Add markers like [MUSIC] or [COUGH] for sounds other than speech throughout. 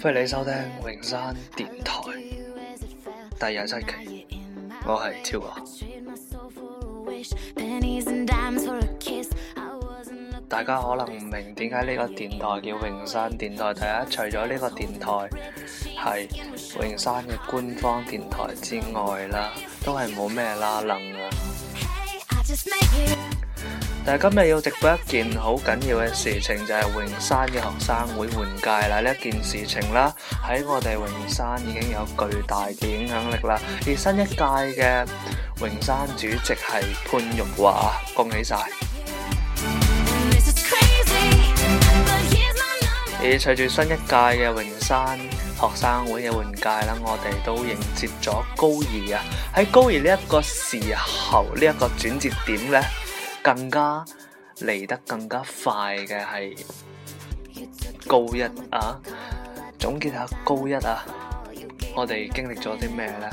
歡迎你收聽榮山電台第二十七期，我係超哥。大家可能唔明點解呢個電台叫榮山電台，第一，除咗呢個電台係榮山嘅官方電台之外啦，都係冇咩啦能。但係今日要直播一件好緊要嘅事情，就係榮山嘅學生會換屆啦！呢一件事情啦，喺我哋榮山已經有巨大嘅影響力啦。而新一屆嘅榮山主席係潘玉華，恭喜晒！而隨住新一屆嘅榮山學生會嘅換屆啦，我哋都迎接咗高二啊！喺高二呢一個時候，呢一個轉折點呢。更加嚟得更加快嘅係高一啊！總結下高一啊，我哋經歷咗啲咩呢？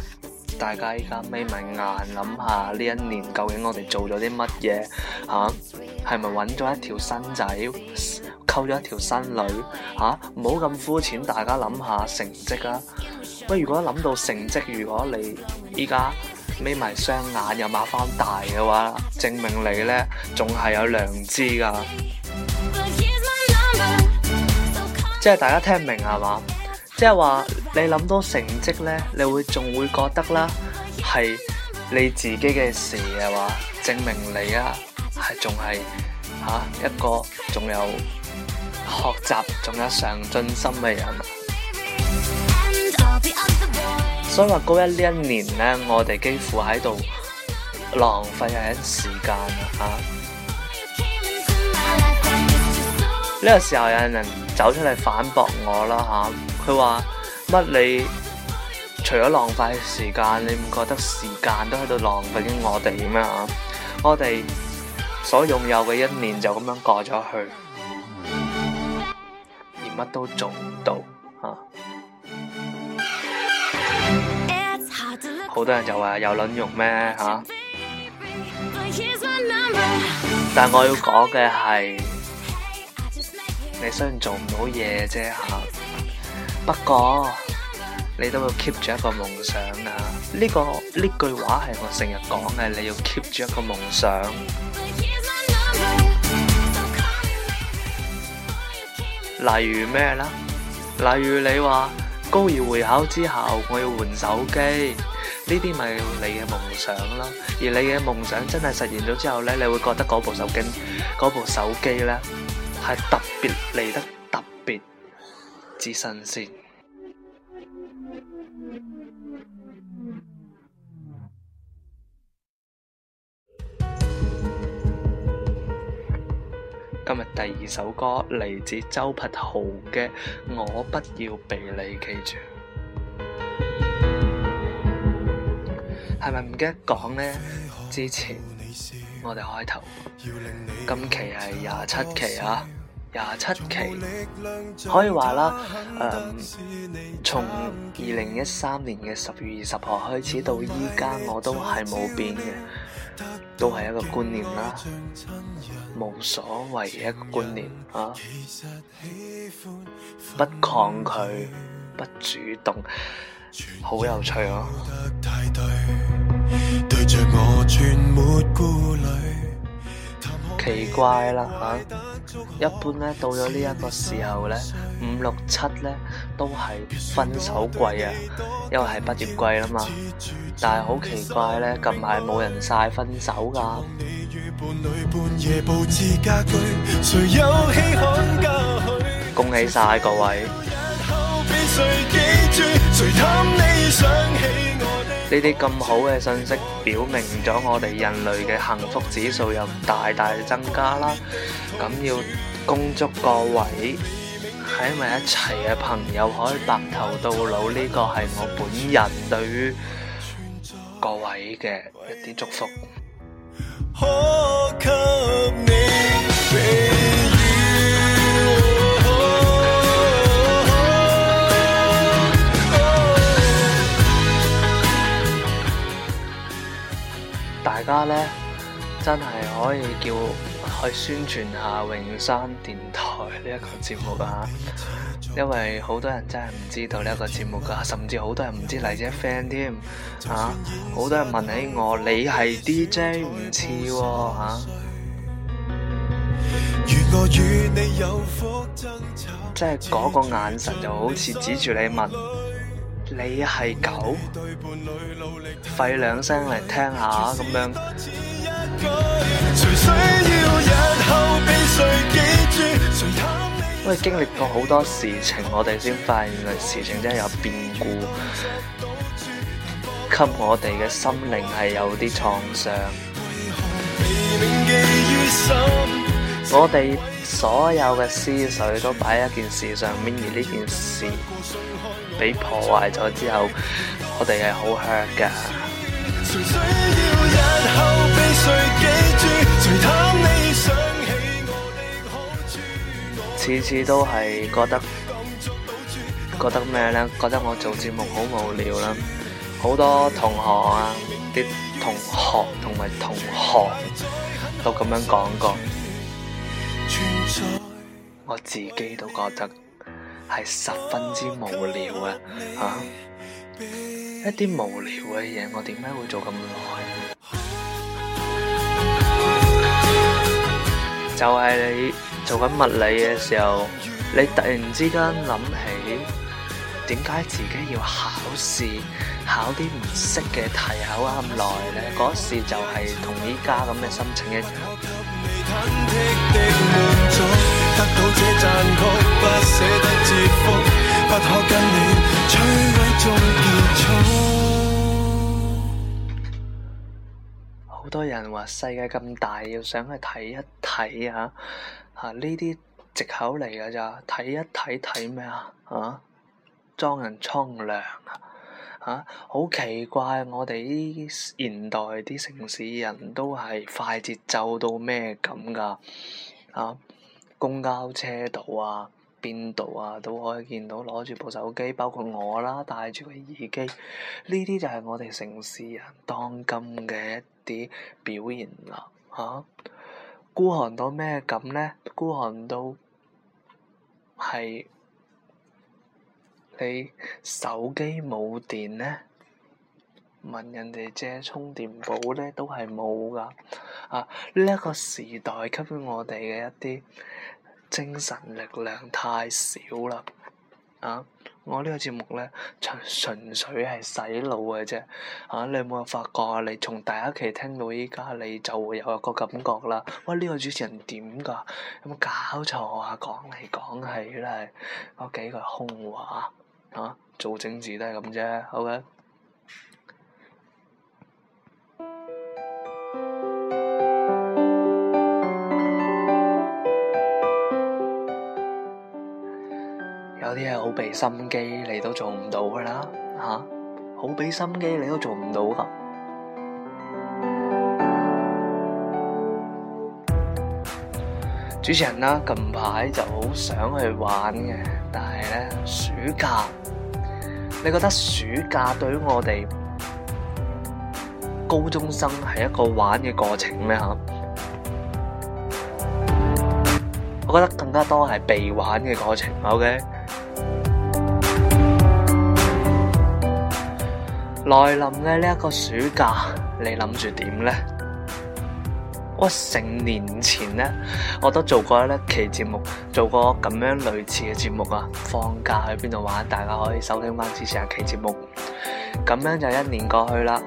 大家依家眯埋眼諗下呢一年究竟我哋做咗啲乜嘢啊？係咪揾咗一條新仔，溝咗一條新女啊？唔好咁膚淺，大家諗下成績啊！喂，如果諗到成績，如果你依家，眯埋雙眼又擘翻大嘅話，證明你呢仲係有良知噶。 [MUSIC] 即係大家聽明係嘛？即係話你諗到成績呢，你會仲會覺得啦，係你自己嘅事嘅話，證明你啊係仲係吓一個仲有學習仲有上進心嘅人。所以話高一呢一年咧，我哋幾乎喺度浪費喺時間啊！呢 [MUSIC] 個時候有人走出嚟反駁我啦吓，佢話乜你除咗浪費時間，你唔覺得時間都喺度浪費緊我哋咩啊？我哋所擁有嘅一年就咁樣過咗去，而乜都做唔到吓。啊好多人就話有卵用咩吓？但我要講嘅係，你雖然做唔到嘢啫吓，不過你都要 keep 住一個夢想啊。呢個呢句話係我成日講嘅，你要 keep 住一個夢想。例如咩啦？例如你話高二會考之後，我要換手機。呢啲咪你嘅夢想咯，而你嘅夢想真係實現咗之後咧，你會覺得嗰部手機，嗰部手機咧係特別嚟得特別之新鮮。今日第二首歌嚟自周柏豪嘅《我不要被你記住》。係咪唔記得講呢？之前我哋開頭，嗯、今期係廿七期啊，廿七期可以話啦。誒、嗯，從二零一三年嘅十月二十號開始到依家，我都係冇變嘅，都係一個觀念啦、啊，無所謂嘅一個觀念啊，不抗拒，不主動，好有趣哦、啊！奇怪啦吓，啊、一般咧到咗呢一個時候呢，五六七呢都係分手季啊，因為係畢業季吖嘛。但係好奇怪呢，近排冇人晒分手噶。嗯、恭喜晒各位！嗯呢啲咁好嘅信息，表明咗我哋人類嘅幸福指數又大大增加啦。咁要恭祝各位喺埋一齊嘅朋友可以白頭到老，呢、這個係我本人對於各位嘅一啲祝福。大家咧真係可以叫去宣傳下榮山電台呢一個節目啊！因為好多人真係唔知道呢一個節目噶，甚至好多人唔知黎姐 friend 添嚇，好多人問起我，你係 DJ 唔似喎嚇，即係嗰個眼神就好似指住你問。你係狗，吠兩聲嚟聽下咁樣。因為經歷過好多事情，我哋先發現原嚟事情真係有變故，給我哋嘅心靈係有啲創傷。我哋所有嘅思緒都擺喺一件事上面，而呢件事，被破壞咗之後，我哋係好吃噶。次次都係覺得覺得咩呢？覺得我做節目好無聊啦！好多同學啊，啲同學同埋同學都咁樣講過，嗯，我自己都覺得。係十分之無聊啊！嚇，一啲無聊嘅嘢，我點解會做咁耐？就係你做緊物理嘅時候，你突然之間諗起點解自己要考試，考啲唔識嘅題考啱咁耐咧？嗰時就係同依家咁嘅心情一樣。得到這讚曲，不捨得接福，不可跟你摧毀中結束。好多人話世界咁大，要想去睇一睇嚇，呢啲藉口嚟噶咋？睇一睇睇咩啊？嚇，裝人沖涼啊？嚇，好奇怪！我哋呢現代啲城市人都係快節奏到咩咁噶？啊！公交車度啊，邊度啊，都可以見到攞住部手機，包括我啦，戴住個耳機，呢啲就係我哋城市人當今嘅一啲表現啦、啊、嚇、啊。孤寒到咩咁呢？孤寒到係你手機冇電呢。問人哋借充電寶咧，都係冇噶。啊！呢一個時代給予我哋嘅一啲精神力量太少啦。啊！我呢個節目咧，純純粹係洗腦嘅啫。啊！你有冇發覺啊？你從第一期聽到依家，你就會有一個感覺啦。喂，呢個主持人點噶？有冇搞錯啊？講嚟講去都係嗰幾句空話。啊！做政治都係咁啫。OK。有啲係好俾心機，你都做唔到噶啦，吓、啊、好俾心機，你都做唔到噶。主持人啦、啊，近排就好想去玩嘅，但係呢，暑假，你覺得暑假對於我哋？高中生係一個玩嘅過程咩？吓，我覺得更加多係被玩嘅過程。OK，來臨嘅呢一個暑假，你諗住點呢？我成年前呢，我都做過一期節目，做過咁樣類似嘅節目啊。放假去邊度玩？大家可以收聽翻之前一期節目，咁樣就一年過去啦。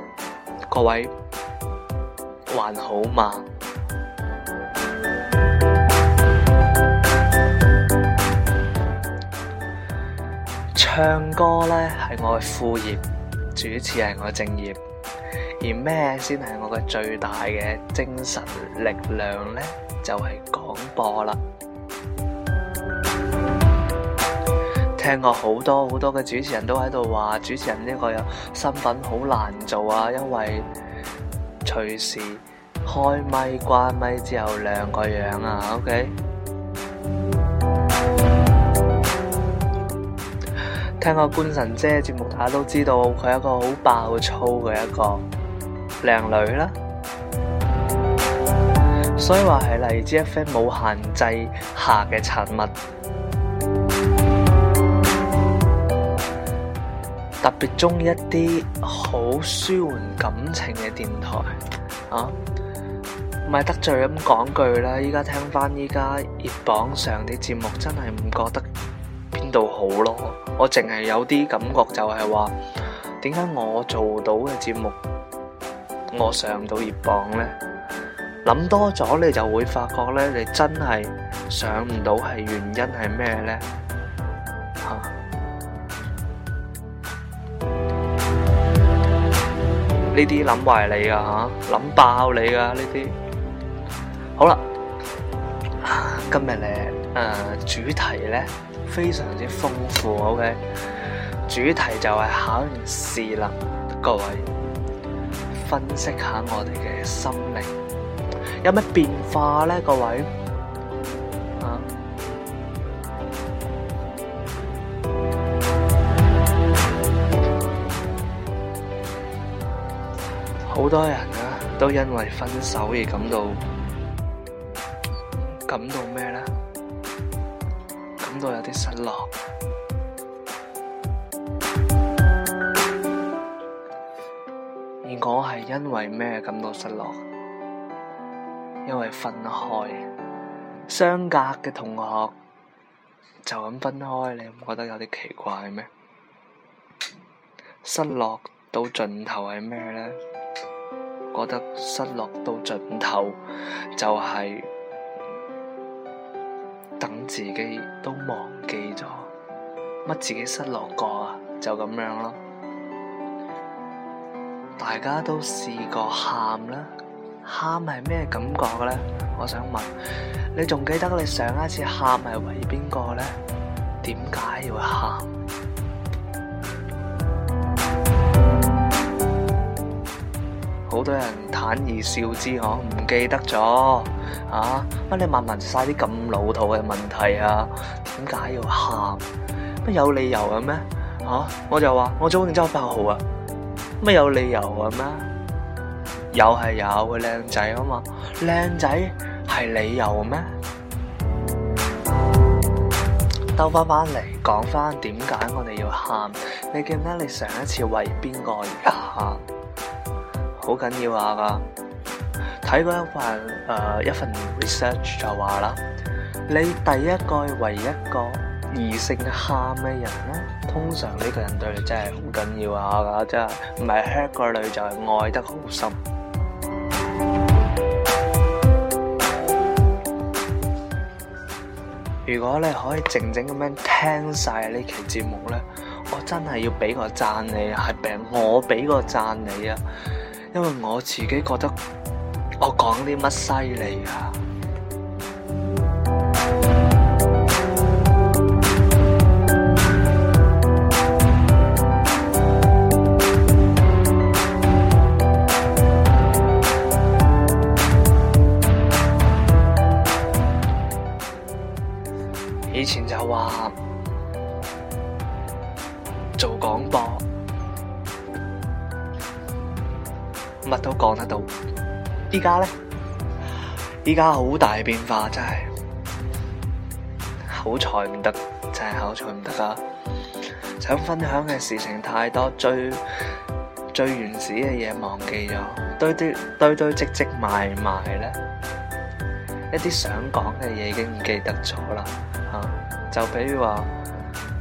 各位，還好嗎？唱歌呢係我嘅副業，主持係我嘅正業，而咩先係我嘅最大嘅精神力量呢？就係、是、廣播啦。聽過好多好多嘅主持人都喺度話，主持人呢個有身份好難做啊，因為隨時開咪關咪只有兩個樣啊。OK，聽過觀神姐節目，大家都知道佢係一個好爆粗嘅一個靚女啦。所以話係嚟自一 f 冇限制下嘅產物。特別中意一啲好舒緩感情嘅電台，啊，唔係得罪咁講句啦！依家聽翻依家熱榜上啲節目，真係唔覺得邊度好咯。我淨係有啲感覺就係話，點解我做到嘅節目，我上到熱榜呢，諗多咗，你就會發覺咧，你真係上唔到，係原因係咩呢？呢啲諗壞你㗎吓，諗爆你㗎呢啲。好啦，今日咧，誒、呃，主題咧非常之豐富，OK。Okay? 主題就係考完試啦，各位，分析下我哋嘅心靈有咩變化咧，各位。好多人啊，都因為分手而感到感到咩呢？感到有啲失落。而我係因為咩感到失落？因為分開，相隔嘅同學就咁分開，你唔覺得有啲奇怪咩？失落到盡頭係咩呢？覺得失落到盡頭，就係等自己都忘記咗乜自己失落過啊，就咁樣咯。大家都試過喊啦，喊係咩感覺嘅咧？我想問，你仲記得你上一次喊係為邊個咧？點解要喊？好多人坦而笑之，我唔記得咗啊！乜你問問晒啲咁老土嘅問題啊？點解要喊？乜有理由嘅咩？嚇、啊！我就話我早廣州八號啊！乜有理由嘅咩？有係有，佢靚仔啊嘛！靚仔係理由咩？兜翻翻嚟講翻點解我哋要喊？你記唔記得你上一次為邊個而喊？.好緊要下噶，睇過一份誒、呃、一份 research 就話啦，你第一個為一,一個異性喊嘅人咧，通常呢個人對你真係好緊要下噶，真係唔係吃個女就係，是，愛得好深。 [MUSIC] 如果你可以靜靜咁樣聽晒呢期節目咧，我真係要俾個贊你，係病，我俾個贊你啊！因為我自己覺得，我講啲乜犀利呀！講得到，依家咧，依家好大變化，真係口才唔得，真係口才唔得啊！想分享嘅事情太多，最最原始嘅嘢忘記咗，堆堆堆堆積積埋埋咧，一啲想講嘅嘢已經唔記得咗啦。啊，就比如話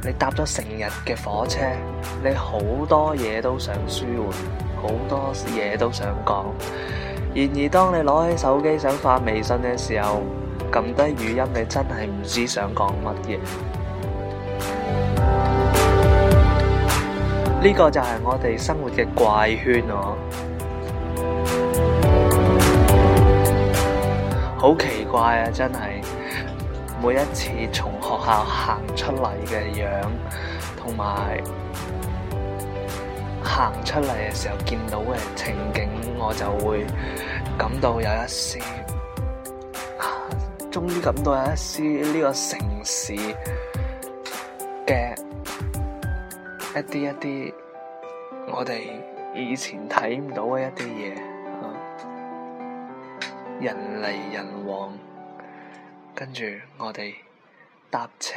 你搭咗成日嘅火車，你好多嘢都想舒緩。好多嘢都想講，然而當你攞起手機想發微信嘅時候，撳低語音，你真係唔知想講乜嘢。呢個就係我哋生活嘅怪圈咯，好奇怪啊！真係，每一次從學校行出嚟嘅樣，同埋。行出嚟嘅時候見到嘅情景，我就會感到有一絲，啊、終於感到有一絲呢、這個城市嘅一啲一啲，我哋以前睇唔到嘅一啲嘢，啊，人嚟人往，跟住我哋搭車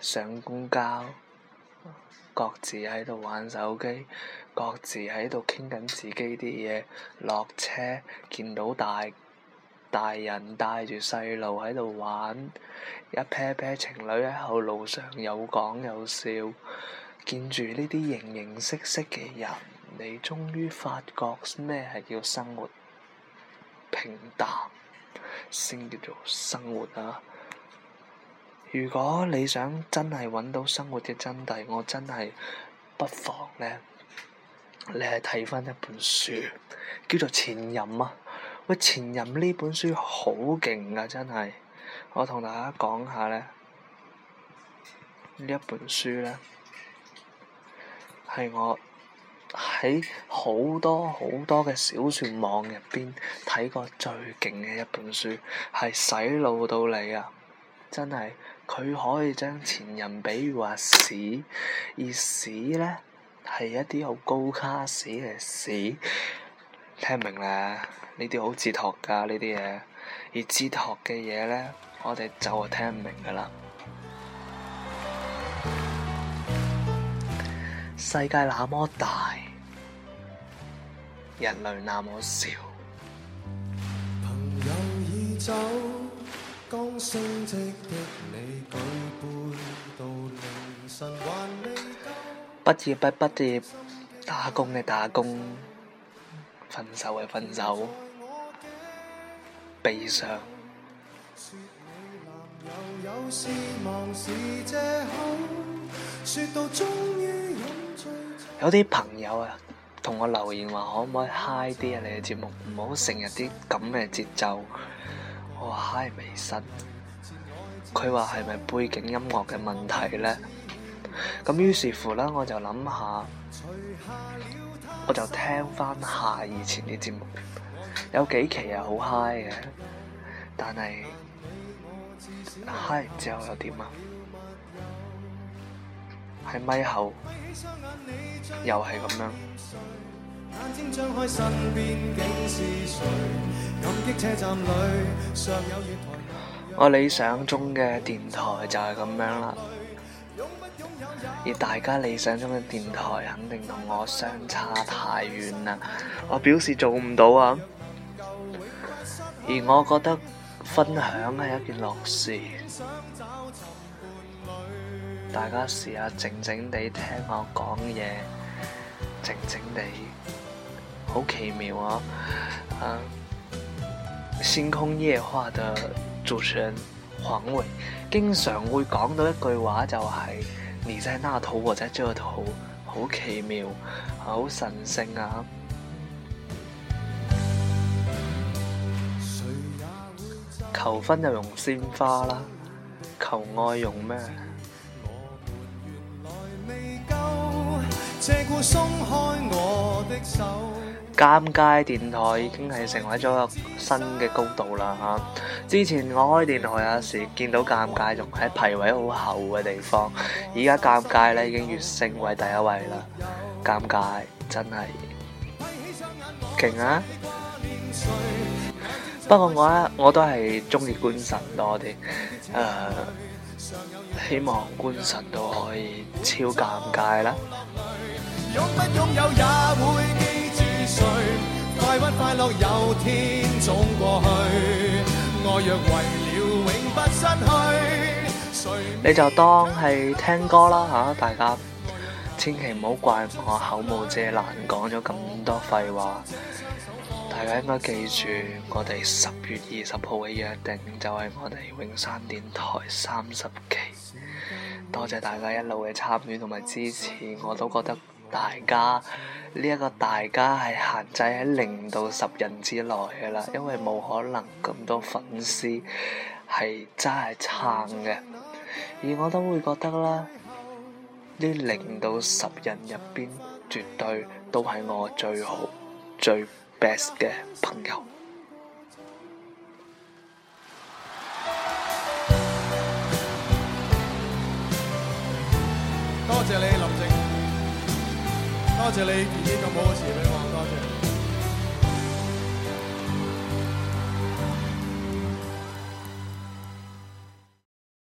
上公交。各自喺度玩手機，各自喺度傾緊自己啲嘢。落車見到大大人帶住細路喺度玩，一批批情侶喺後路上有講有笑，見住呢啲形形色色嘅人，你終於發覺咩係叫生活平淡，先叫做生活啊！如果你想真係揾到生活嘅真諦，我真係不妨呢。你係睇翻一本書，叫做《前任》啊！喂，《前任》呢本書好勁㗎，真係，我同大家講下呢，呢一本書呢，係我喺好多好多嘅小説網入邊睇過最勁嘅一本書，係洗腦到你啊！真係～佢可以將前人，比喻話屎，而屎咧係一啲好高卡士嘅屎。聽唔明咧。呢啲好哲學噶，呢啲嘢，而哲學嘅嘢咧，我哋就係聽唔明噶啦。世界那麼大，人類那麼少。朋友已走。畢業不畢業，打工你打工，分手係分手，悲傷。說你男友有啲朋友啊，同我留言話，可唔可以 high 啲啊？你嘅節目唔好成日啲咁嘅節奏。我嗨未身，佢話係咪背景音樂嘅問題呢？咁於是乎呢，我就諗下，我就聽翻下以前啲節目，有幾期係好嗨嘅，但係嗨之後又點啊？喺咪後又係咁樣。我理想中嘅電台就係咁樣啦，而大家理想中嘅電台肯定同我相差太遠啦，我表示做唔到啊！而我覺得分享係一件樂事，大家試下靜靜地聽我講嘢，靜靜地。好奇妙啊！啊，星空夜話的主持人黃偉經常會講到一句話，就是，就係你喺嗰頭，我喺呢頭，好奇妙，好神聖啊！求婚就用鮮花啦，求愛用咩？尷尬電台已經係成為咗一個新嘅高度啦吓！之前我開電台有時見到尷尬仲喺排位好後嘅地方，而家尷尬咧已經越升為第一位啦！尷尬真係勁啊！不過我咧我都係中意官神多啲，誒，希望官神都可以超尷尬啦！擁不擁有，也會記住誰，快不快樂，有天總過去，愛若為了永不失去。你就當係聽歌啦吓，大家千祈唔好怪我口無遮攔，講咗咁多廢話。大家應該記住，我哋十月二十號嘅約定就係我哋永山電台三十期。多謝大家一路嘅參與同埋支持，我都覺得。大家呢一個大家係限制喺零到十人之內嘅啦，因為冇可能咁多粉絲係真係撐嘅，而我都會覺得啦，呢零到十人入邊絕對都係我最好、最 best 嘅朋友。多謝你。多謝你，自己咁好嘅事俾我。